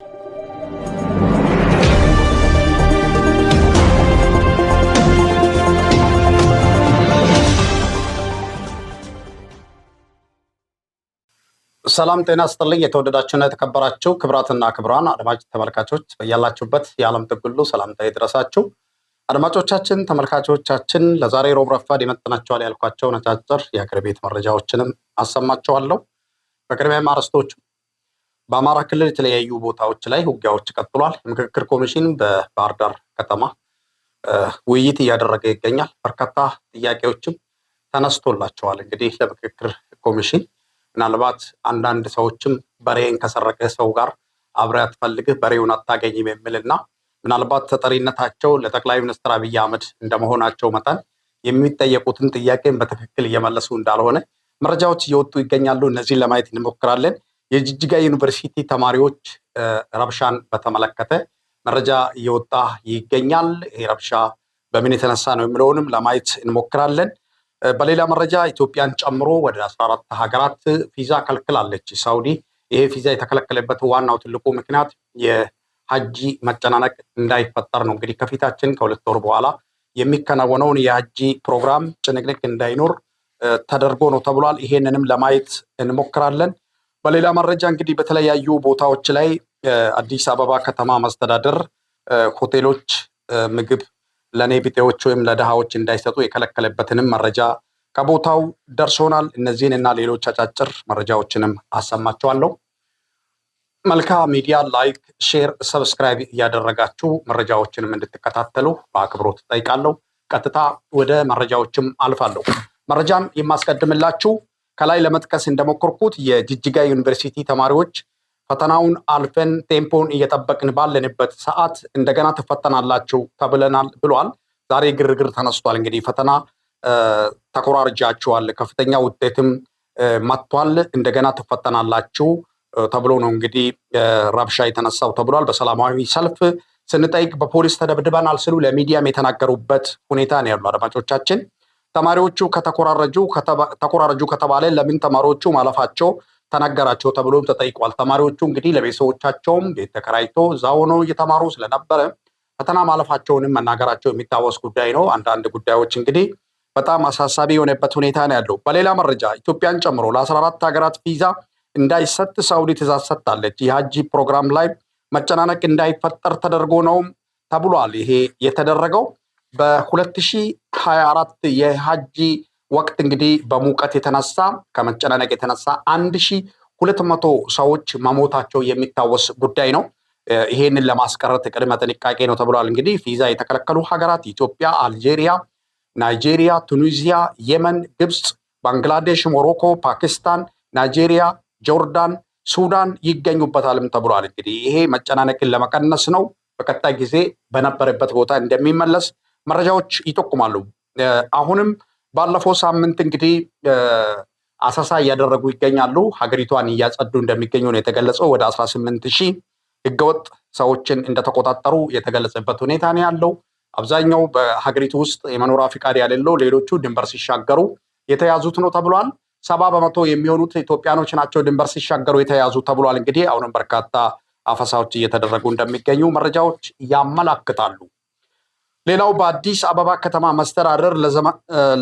ሰላም ጤና ስጥልኝ። የተወደዳችሁና የተከበራችሁ ክብራትና ክብራን አድማጭ ተመልካቾች በያላችሁበት የዓለም ጥግ ሁሉ ሰላምታ ይድረሳችሁ። አድማጮቻችን፣ ተመልካቾቻችን ለዛሬ ሮብ ረፋድ ይመጥናቸዋል ያልኳቸው ነጫጭር የአገር ቤት መረጃዎችንም አሰማችኋለሁ። በቅድሚያም አርዕስቶቹ በአማራ ክልል የተለያዩ ቦታዎች ላይ ውጊያዎች ቀጥሏል። የምክክር ኮሚሽን በባህር ዳር ከተማ ውይይት እያደረገ ይገኛል። በርካታ ጥያቄዎችም ተነስቶላቸዋል። እንግዲህ ለምክክር ኮሚሽን ምናልባት አንዳንድ ሰዎችም በሬን ከሰረቀ ሰው ጋር አብረህ አትፈልግህ በሬውን አታገኝም የሚልና ምናልባት ተጠሪነታቸው ለጠቅላይ ሚኒስትር አብይ አህመድ እንደመሆናቸው መጠን የሚጠየቁትን ጥያቄን በትክክል እየመለሱ እንዳልሆነ መረጃዎች እየወጡ ይገኛሉ። እነዚህን ለማየት እንሞክራለን። የጅጅጋ ዩኒቨርሲቲ ተማሪዎች ረብሻን በተመለከተ መረጃ እየወጣ ይገኛል። ይህ ረብሻ በምን የተነሳ ነው የሚለውንም ለማየት እንሞክራለን። በሌላ መረጃ ኢትዮጵያን ጨምሮ ወደ 14 ሀገራት ቪዛ ከልክላለች ሳውዲ። ይሄ ቪዛ የተከለከለበት ዋናው ትልቁ ምክንያት የሀጂ መጨናነቅ እንዳይፈጠር ነው። እንግዲህ ከፊታችን ከሁለት ወር በኋላ የሚከናወነውን የሀጂ ፕሮግራም ጭንቅንቅ እንዳይኖር ተደርጎ ነው ተብሏል። ይሄንንም ለማየት እንሞክራለን። በሌላ መረጃ እንግዲህ በተለያዩ ቦታዎች ላይ አዲስ አበባ ከተማ መስተዳደር ሆቴሎች ምግብ ለእኔ ቢጤዎች ወይም ለድሃዎች እንዳይሰጡ የከለከለበትንም መረጃ ከቦታው ደርሶናል። እነዚህን እና ሌሎች አጫጭር መረጃዎችንም አሰማችኋለሁ። መልካ ሚዲያ ላይክ፣ ሼር፣ ሰብስክራይብ እያደረጋችሁ መረጃዎችንም እንድትከታተሉ በአክብሮት ጠይቃለሁ። ቀጥታ ወደ መረጃዎችም አልፋለሁ። መረጃን የማስቀድምላችሁ ከላይ ለመጥቀስ እንደሞከርኩት የጅጅጋ ዩኒቨርሲቲ ተማሪዎች ፈተናውን አልፈን ቴምፖን እየጠበቅን ባለንበት ሰዓት እንደገና ትፈተናላችሁ ተብለናል ብሏል። ዛሬ ግርግር ተነስቷል። እንግዲህ ፈተና ተኮራርጃችኋል፣ ከፍተኛ ውጤትም መጥቷል፣ እንደገና ትፈተናላችሁ ተብሎ ነው እንግዲህ ረብሻ የተነሳው ተብሏል። በሰላማዊ ሰልፍ ስንጠይቅ በፖሊስ ተደብድበናል ስሉ ለሚዲያም የተናገሩበት ሁኔታ ነው ያሉ አድማጮቻችን ተማሪዎቹ ከተኮራረጁ ከተባለ ለምን ተማሪዎቹ ማለፋቸው ተነገራቸው ተብሎም ተጠይቋል። ተማሪዎቹ እንግዲህ ለቤተሰቦቻቸውም ቤት ተከራይቶ እዛ ሆኖ እየተማሩ ስለነበረ ፈተና ማለፋቸውንም መናገራቸው የሚታወስ ጉዳይ ነው። አንዳንድ ጉዳዮች እንግዲህ በጣም አሳሳቢ የሆነበት ሁኔታ ነው ያለው። በሌላ መረጃ ኢትዮጵያን ጨምሮ ለ14 ሀገራት ቪዛ እንዳይሰጥ ሳውዲ ትእዛዝ ሰጥታለች። የሀጂ ፕሮግራም ላይ መጨናነቅ እንዳይፈጠር ተደርጎ ነው ተብሏል። ይሄ የተደረገው በ2024 የሀጂ ወቅት እንግዲህ በሙቀት የተነሳ ከመጨናነቅ የተነሳ 1200 ሰዎች መሞታቸው የሚታወስ ጉዳይ ነው። ይሄንን ለማስቀረት ቅድመ ጥንቃቄ ነው ተብሏል። እንግዲህ ቪዛ የተከለከሉ ሀገራት ኢትዮጵያ፣ አልጄሪያ፣ ናይጄሪያ፣ ቱኒዚያ፣ የመን፣ ግብፅ፣ ባንግላዴሽ፣ ሞሮኮ፣ ፓኪስታን፣ ናይጄሪያ፣ ጆርዳን፣ ሱዳን ይገኙበታልም ተብሏል። እንግዲህ ይሄ መጨናነቅን ለመቀነስ ነው። በቀጣይ ጊዜ በነበረበት ቦታ እንደሚመለስ መረጃዎች ይጠቁማሉ። አሁንም ባለፈው ሳምንት እንግዲህ አሰሳ እያደረጉ ይገኛሉ። ሀገሪቷን እያጸዱ እንደሚገኙ ነው የተገለጸው። ወደ 18 ሺህ ህገወጥ ሰዎችን እንደተቆጣጠሩ የተገለጸበት ሁኔታ ነው ያለው። አብዛኛው በሀገሪቱ ውስጥ የመኖሪያ ፍቃድ ያሌለው፣ ሌሎቹ ድንበር ሲሻገሩ የተያዙት ነው ተብሏል። ሰባ በመቶ የሚሆኑት ኢትዮጵያኖች ናቸው ድንበር ሲሻገሩ የተያዙ ተብሏል። እንግዲህ አሁንም በርካታ አፈሳዎች እየተደረጉ እንደሚገኙ መረጃዎች ያመላክታሉ። ሌላው በአዲስ አበባ ከተማ መስተዳደር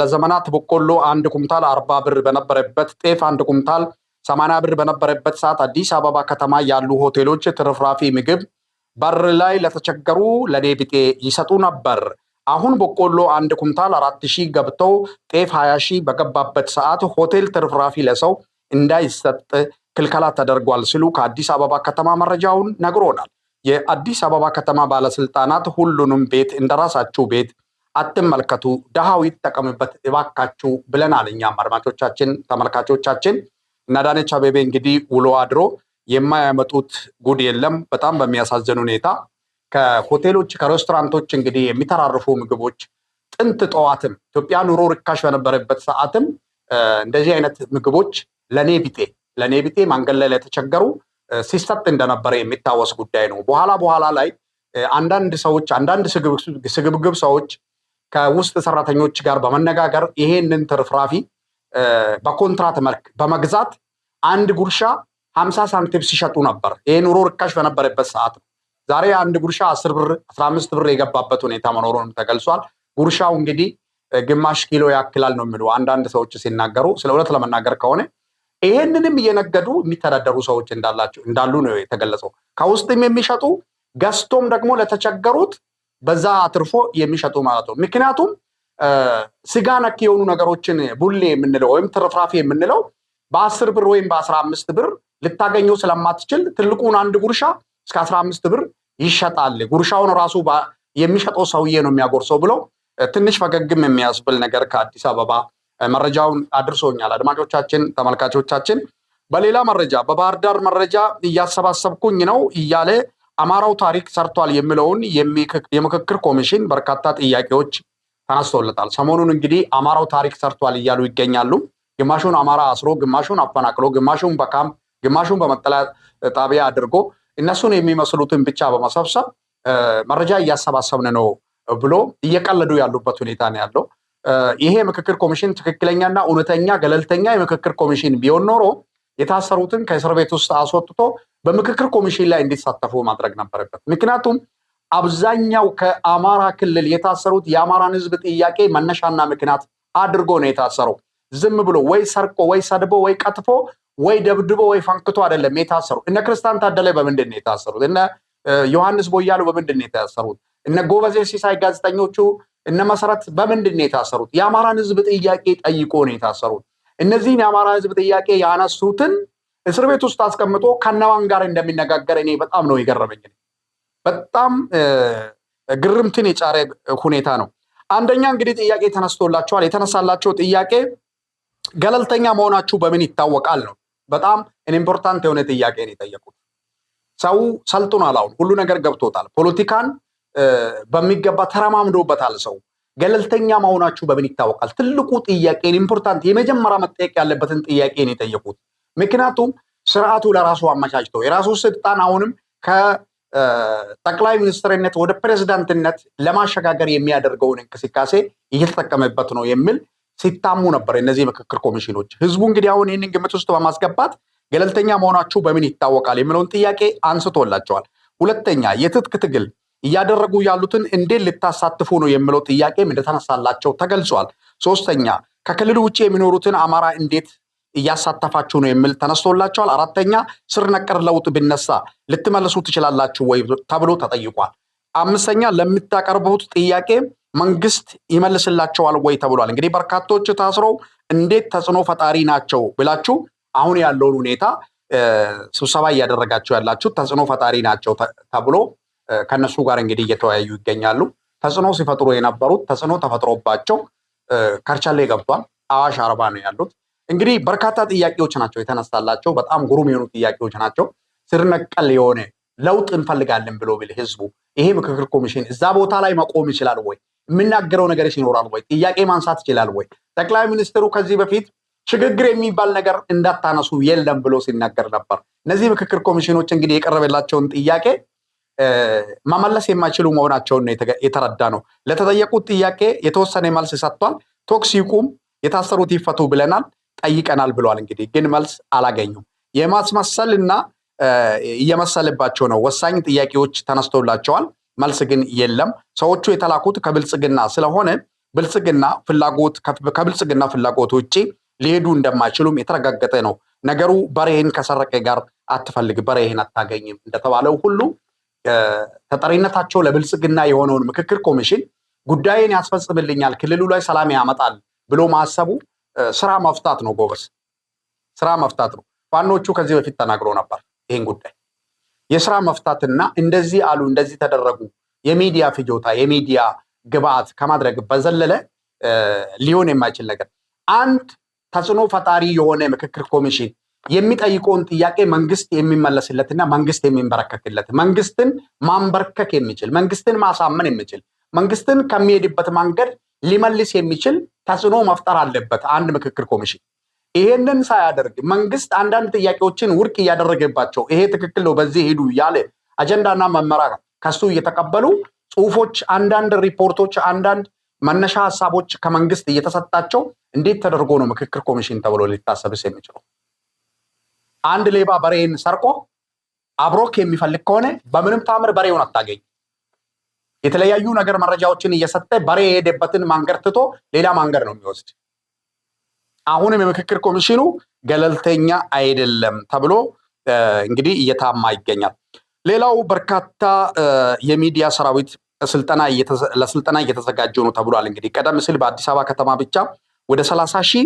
ለዘመናት በቆሎ አንድ ኩምታል አርባ ብር በነበረበት ጤፍ አንድ ኩምታል ሰማንያ ብር በነበረበት ሰዓት አዲስ አበባ ከተማ ያሉ ሆቴሎች ትርፍራፊ ምግብ በር ላይ ለተቸገሩ ለኔ ይሰጡ ነበር። አሁን በቆሎ አንድ ኩምታል አራት ሺህ ገብተው ጤፍ ሀያ ሺህ በገባበት ሰዓት ሆቴል ትርፍራፊ ለሰው እንዳይሰጥ ክልከላ ተደርጓል ሲሉ ከአዲስ አበባ ከተማ መረጃውን ነግሮናል። የአዲስ አበባ ከተማ ባለስልጣናት ሁሉንም ቤት እንደራሳችሁ ቤት አትመልከቱ፣ ድሃው ይጠቀምበት እባካችሁ ብለናል። እኛም አድማጮቻችን፣ ተመልካቾቻችን እና አዳነች አቤቤ እንግዲህ ውሎ አድሮ የማያመጡት ጉድ የለም። በጣም በሚያሳዝን ሁኔታ ከሆቴሎች ከሬስቶራንቶች እንግዲህ የሚተራርፉ ምግቦች ጥንት ጠዋትም ኢትዮጵያ ኑሮ ርካሽ በነበረበት ሰዓትም እንደዚህ አይነት ምግቦች ለኔ ቢጤ ለኔ ቢጤ ማንገድ ላይ ለተቸገሩ ሲሰጥ እንደነበረ የሚታወስ ጉዳይ ነው። በኋላ በኋላ ላይ አንዳንድ ሰዎች አንዳንድ ስግብግብ ሰዎች ከውስጥ ሰራተኞች ጋር በመነጋገር ይሄንን ትርፍራፊ በኮንትራት መልክ በመግዛት አንድ ጉርሻ ሀምሳ ሳንቲም ሲሸጡ ነበር። ይሄ ኑሮ ርካሽ በነበረበት ሰዓት ነው። ዛሬ አንድ ጉርሻ አስር ብር አስራ አምስት ብር የገባበት ሁኔታ መኖሩን ተገልጿል። ጉርሻው እንግዲህ ግማሽ ኪሎ ያክላል ነው የሚሉ አንዳንድ ሰዎች ሲናገሩ፣ ስለ እውነት ለመናገር ከሆነ ይሄንንም እየነገዱ የሚተዳደሩ ሰዎች እንዳላቸው እንዳሉ ነው የተገለጸው። ከውስጥም የሚሸጡ ገዝቶም ደግሞ ለተቸገሩት በዛ አትርፎ የሚሸጡ ማለት ነው። ምክንያቱም ስጋ ነክ የሆኑ ነገሮችን ቡሌ የምንለው ወይም ትርፍራፊ የምንለው በአስር ብር ወይም በአስራ አምስት ብር ልታገኘው ስለማትችል ትልቁን አንድ ጉርሻ እስከ አስራ አምስት ብር ይሸጣል። ጉርሻውን ራሱ የሚሸጠው ሰውዬ ነው የሚያጎርሰው ብለው ትንሽ ፈገግም የሚያስብል ነገር ከአዲስ አበባ መረጃውን አድርሶኛል። አድማጮቻችን፣ ተመልካቾቻችን በሌላ መረጃ በባህር ዳር መረጃ እያሰባሰብኩኝ ነው እያለ አማራው ታሪክ ሰርቷል የሚለውን የምክክር ኮሚሽን በርካታ ጥያቄዎች ተነስቶለታል። ሰሞኑን እንግዲህ አማራው ታሪክ ሰርቷል እያሉ ይገኛሉ። ግማሹን አማራ አስሮ፣ ግማሹን አፈናቅሎ፣ ግማሹን በካምፕ፣ ግማሹን በመጠለያ ጣቢያ አድርጎ እነሱን የሚመስሉትን ብቻ በመሰብሰብ መረጃ እያሰባሰብን ነው ብሎ እየቀለዱ ያሉበት ሁኔታ ነው ያለው። ይሄ የምክክር ኮሚሽን ትክክለኛና እውነተኛ ገለልተኛ የምክክር ኮሚሽን ቢሆን ኖሮ የታሰሩትን ከእስር ቤት ውስጥ አስወጥቶ በምክክር ኮሚሽን ላይ እንዲሳተፉ ማድረግ ነበረበት። ምክንያቱም አብዛኛው ከአማራ ክልል የታሰሩት የአማራን ሕዝብ ጥያቄ መነሻና ምክንያት አድርጎ ነው የታሰረው። ዝም ብሎ ወይ ሰርቆ ወይ ሰድቦ ወይ ቀጥፎ ወይ ደብድቦ ወይ ፈንክቶ አይደለም የታሰሩ። እነ ክርስቲያን ታደለ በምንድን ነው የታሰሩት? እነ ዮሐንስ ቦያሉ በምንድን ነው የታሰሩት? እነ ጎበዜ ሲሳይ ጋዜጠኞቹ እነ መሰረት በምንድን ነው የታሰሩት? የአማራን ህዝብ ጥያቄ ጠይቆ ነው የታሰሩት። እነዚህን የአማራ ህዝብ ጥያቄ ያነሱትን እስር ቤት ውስጥ አስቀምጦ ከነማን ጋር እንደሚነጋገር እኔ በጣም ነው የገረመኝ። በጣም ግርምትን የጫረ ሁኔታ ነው። አንደኛ እንግዲህ ጥያቄ ተነስቶላቸዋል። የተነሳላቸው ጥያቄ ገለልተኛ መሆናችሁ በምን ይታወቃል ነው። በጣም ኢምፖርታንት የሆነ ጥያቄ ነው የጠየቁት። ሰው ሰልጥኗል። አሁን ሁሉ ነገር ገብቶታል። ፖለቲካን በሚገባ ተረማምዶበታል ሰው ገለልተኛ መሆናችሁ በምን ይታወቃል? ትልቁ ጥያቄን ኢምፖርታንት የመጀመሪያ መጠየቅ ያለበትን ጥያቄን የጠየቁት። ምክንያቱም ስርዓቱ ለራሱ አመቻችተው የራሱ ስልጣን አሁንም ከጠቅላይ ሚኒስትርነት ወደ ፕሬዝዳንትነት ለማሸጋገር የሚያደርገውን እንቅስቃሴ እየተጠቀመበት ነው የሚል ሲታሙ ነበር እነዚህ ምክክር ኮሚሽኖች። ህዝቡ እንግዲህ አሁን ይህንን ግምት ውስጥ በማስገባት ገለልተኛ መሆናችሁ በምን ይታወቃል የሚለውን ጥያቄ አንስቶላቸዋል። ሁለተኛ የትጥቅ ትግል እያደረጉ ያሉትን እንዴት ልታሳትፉ ነው የሚለው ጥያቄም እንደተነሳላቸው ተገልጿል። ሶስተኛ ከክልል ውጭ የሚኖሩትን አማራ እንዴት እያሳተፋችሁ ነው የሚል ተነስቶላቸዋል። አራተኛ ስር ነቀር ለውጥ ቢነሳ ልትመልሱ ትችላላችሁ ወይ ተብሎ ተጠይቋል። አምስተኛ ለምታቀርቡት ጥያቄ መንግስት ይመልስላቸዋል ወይ ተብሏል። እንግዲህ በርካቶች ታስረው እንዴት ተጽዕኖ ፈጣሪ ናቸው ብላችሁ አሁን ያለውን ሁኔታ ስብሰባ እያደረጋችሁ ያላችሁ ተጽዕኖ ፈጣሪ ናቸው ተብሎ ከነሱ ጋር እንግዲህ እየተወያዩ ይገኛሉ። ተጽዕኖ ሲፈጥሩ የነበሩት ተጽዕኖ ተፈጥሮባቸው ከርቻሌ ገብቷል አዋሽ አርባ ነው ያሉት። እንግዲህ በርካታ ጥያቄዎች ናቸው የተነሳላቸው። በጣም ግሩም የሆኑ ጥያቄዎች ናቸው። ስርነቀል የሆነ ለውጥ እንፈልጋለን ብሎ ቢል ህዝቡ ይሄ ምክክር ኮሚሽን እዛ ቦታ ላይ መቆም ይችላል ወይ? የሚናገረው ነገር ይኖራል ወይ? ጥያቄ ማንሳት ይችላል ወይ? ጠቅላይ ሚኒስትሩ ከዚህ በፊት ሽግግር የሚባል ነገር እንዳታነሱ የለም ብሎ ሲናገር ነበር። እነዚህ ምክክር ኮሚሽኖች እንግዲህ የቀረበላቸውን ጥያቄ መመለስ የማይችሉ መሆናቸውን የተረዳ ነው። ለተጠየቁት ጥያቄ የተወሰነ መልስ ሰጥቷል። ቶክስ ይቁም፣ የታሰሩት ይፈቱ ብለናል፣ ጠይቀናል ብሏል። እንግዲህ ግን መልስ አላገኙም። የማስመሰል እና እየመሰልባቸው ነው። ወሳኝ ጥያቄዎች ተነስቶላቸዋል፣ መልስ ግን የለም። ሰዎቹ የተላኩት ከብልጽግና ስለሆነ ብልጽግና ፍላጎት ከብልጽግና ፍላጎት ውጭ ሊሄዱ እንደማይችሉም የተረጋገጠ ነው። ነገሩ በሬህን ከሰረቀ ጋር አትፈልግ፣ በሬህን አታገኝም እንደተባለው ሁሉ ተጠሪነታቸው ለብልጽግና የሆነውን ምክክር ኮሚሽን ጉዳይን ያስፈጽምልኛል፣ ክልሉ ላይ ሰላም ያመጣል ብሎ ማሰቡ ስራ መፍታት ነው። ጎበስ ስራ መፍታት ነው። ፋኖቹ ከዚህ በፊት ተናግሮ ነበር ይህን ጉዳይ የስራ መፍታትና እንደዚህ አሉ እንደዚህ ተደረጉ የሚዲያ ፍጆታ የሚዲያ ግብአት ከማድረግ በዘለለ ሊሆን የማይችል ነገር አንድ ተጽዕኖ ፈጣሪ የሆነ ምክክር ኮሚሽን የሚጠይቀውን ጥያቄ መንግስት የሚመለስለትና መንግስት የሚንበረከክለት መንግስትን ማንበርከክ የሚችል መንግስትን ማሳመን የሚችል መንግስትን ከሚሄድበት መንገድ ሊመልስ የሚችል ተጽዕኖ መፍጠር አለበት አንድ ምክክር ኮሚሽን። ይሄንን ሳያደርግ መንግስት አንዳንድ ጥያቄዎችን ውድቅ እያደረገባቸው ይሄ ትክክል ነው፣ በዚህ ሄዱ እያለ አጀንዳና መመሪያ ከሱ እየተቀበሉ ጽሁፎች፣ አንዳንድ ሪፖርቶች፣ አንዳንድ መነሻ ሀሳቦች ከመንግስት እየተሰጣቸው እንዴት ተደርጎ ነው ምክክር ኮሚሽን ተብሎ ሊታሰብስ የሚችለው? አንድ ሌባ በሬን ሰርቆ አብሮክ የሚፈልግ ከሆነ በምንም ታምር በሬውን አታገኝ። የተለያዩ ነገር መረጃዎችን እየሰጠ በሬ የሄደበትን ማንገድ ትቶ ሌላ ማንገድ ነው የሚወስድ። አሁንም የምክክር ኮሚሽኑ ገለልተኛ አይደለም ተብሎ እንግዲህ እየታማ ይገኛል። ሌላው በርካታ የሚዲያ ሰራዊት ለስልጠና እየተዘጋጀ ነው ተብሏል። እንግዲህ ቀደም ሲል በአዲስ አበባ ከተማ ብቻ ወደ ሰላሳ ሺህ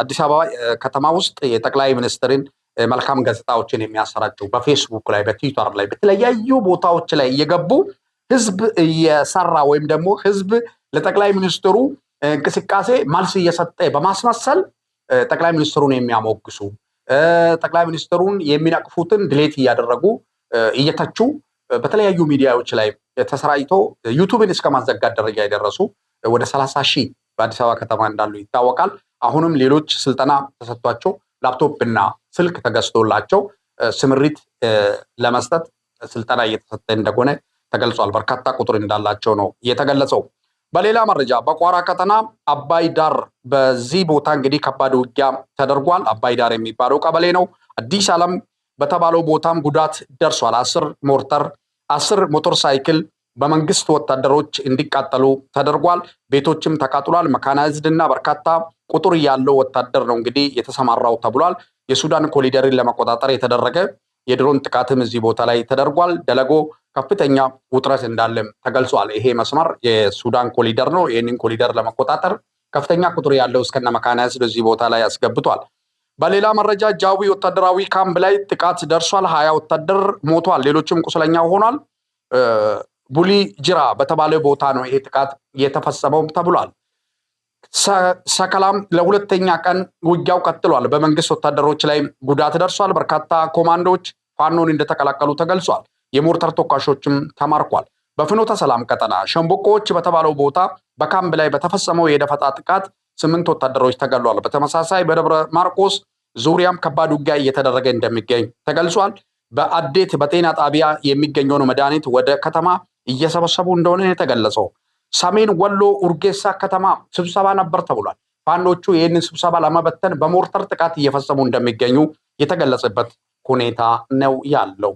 አዲስ አበባ ከተማ ውስጥ የጠቅላይ ሚኒስትርን መልካም ገጽታዎችን የሚያሰራጩ በፌስቡክ ላይ፣ በትዊተር ላይ፣ በተለያዩ ቦታዎች ላይ እየገቡ ህዝብ እየሰራ ወይም ደግሞ ህዝብ ለጠቅላይ ሚኒስትሩ እንቅስቃሴ መልስ እየሰጠ በማስመሰል ጠቅላይ ሚኒስትሩን የሚያሞግሱ ጠቅላይ ሚኒስትሩን የሚነቅፉትን ድሌት እያደረጉ እየተቹ በተለያዩ ሚዲያዎች ላይ ተሰራጭቶ ዩቱብን እስከ ማዘጋት ደረጃ የደረሱ ወደ ሰላሳ ሺህ በአዲስ አበባ ከተማ እንዳሉ ይታወቃል። አሁንም ሌሎች ስልጠና ተሰጥቷቸው ላፕቶፕ ስልክ ተገዝቶላቸው ስምሪት ለመስጠት ስልጠና እየተሰጠ እንደሆነ ተገልጿል። በርካታ ቁጥር እንዳላቸው ነው የተገለጸው። በሌላ መረጃ በቋራ ቀጠና አባይ ዳር፣ በዚህ ቦታ እንግዲህ ከባድ ውጊያ ተደርጓል። አባይ ዳር የሚባለው ቀበሌ ነው። አዲስ ዓለም በተባለው ቦታም ጉዳት ደርሷል። አስር ሞርተር፣ አስር ሞተር ሳይክል በመንግስት ወታደሮች እንዲቃጠሉ ተደርጓል። ቤቶችም ተቃጥሏል። መካናይዝድ እና በርካታ ቁጥር ያለው ወታደር ነው እንግዲህ የተሰማራው ተብሏል። የሱዳን ኮሊደርን ለመቆጣጠር የተደረገ የድሮን ጥቃትም እዚህ ቦታ ላይ ተደርጓል። ደለጎ ከፍተኛ ውጥረት እንዳለም ተገልጿል። ይሄ መስመር የሱዳን ኮሊደር ነው። ይህንን ኮሊደር ለመቆጣጠር ከፍተኛ ቁጥር ያለው እስከነ መካናይዝድ እዚህ ቦታ ላይ አስገብቷል። በሌላ መረጃ ጃዊ ወታደራዊ ካምፕ ላይ ጥቃት ደርሷል። ሀያ ወታደር ሞቷል፣ ሌሎችም ቁስለኛ ሆኗል። ቡሊ ጅራ በተባለ ቦታ ነው ይሄ ጥቃት የተፈጸመው ተብሏል። ሰከላም ለሁለተኛ ቀን ውጊያው ቀጥሏል። በመንግስት ወታደሮች ላይ ጉዳት ደርሷል። በርካታ ኮማንዶዎች ፋኖን እንደተቀላቀሉ ተገልጿል። የሞርተር ተኳሾችም ተማርኳል። በፍኖተ ሰላም ቀጠና ሸምበቆዎች በተባለው ቦታ በካምፕ ላይ በተፈጸመው የደፈጣ ጥቃት ስምንት ወታደሮች ተገሏል። በተመሳሳይ በደብረ ማርቆስ ዙሪያም ከባድ ውጊያ እየተደረገ እንደሚገኝ ተገልጿል። በአዴት በጤና ጣቢያ የሚገኘውን መድኃኒት ወደ ከተማ እየሰበሰቡ እንደሆነ የተገለጸው። ሰሜን ወሎ ኡርጌሳ ከተማ ስብሰባ ነበር ተብሏል። ፋኖቹ ይህንን ስብሰባ ለመበተን በሞርተር ጥቃት እየፈጸሙ እንደሚገኙ የተገለጸበት ሁኔታ ነው ያለው።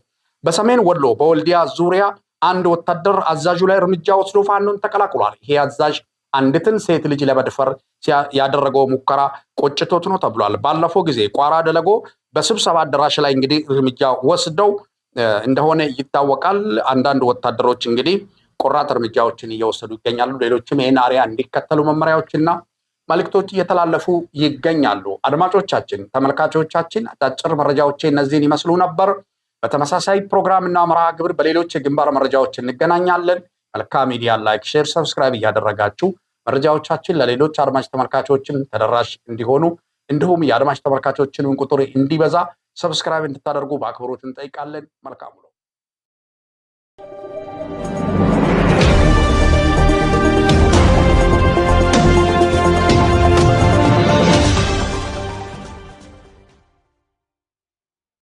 በሰሜን ወሎ በወልዲያ ዙሪያ አንድ ወታደር አዛዡ ላይ እርምጃ ወስዶ ፋኖን ተቀላቅሏል። ይሄ አዛዥ አንዲትን ሴት ልጅ ለመድፈር ያደረገው ሙከራ ቆጭቶት ነው ተብሏል። ባለፈው ጊዜ ቋራ ደለጎ በስብሰባ አዳራሽ ላይ እንግዲህ እርምጃ ወስደው እንደሆነ ይታወቃል። አንዳንድ ወታደሮች እንግዲህ ቆራጥ እርምጃዎችን እየወሰዱ ይገኛሉ። ሌሎችም ይህን አሪያ እንዲከተሉ መመሪያዎችና መልእክቶች እየተላለፉ ይገኛሉ። አድማጮቻችን፣ ተመልካቾቻችን አጫጭር መረጃዎች እነዚህን ይመስሉ ነበር። በተመሳሳይ ፕሮግራምና መርሃ ግብር በሌሎች የግንባር መረጃዎች እንገናኛለን። መልካም ሚዲያ ላይክ፣ ሼር፣ ሰብስክራይብ እያደረጋችሁ መረጃዎቻችን ለሌሎች አድማጭ ተመልካቾችም ተደራሽ እንዲሆኑ እንዲሁም የአድማጭ ተመልካቾችን ቁጥር እንዲበዛ ሰብስክራይብ እንድታደርጉ በአክብሮት እንጠይቃለን። መልካም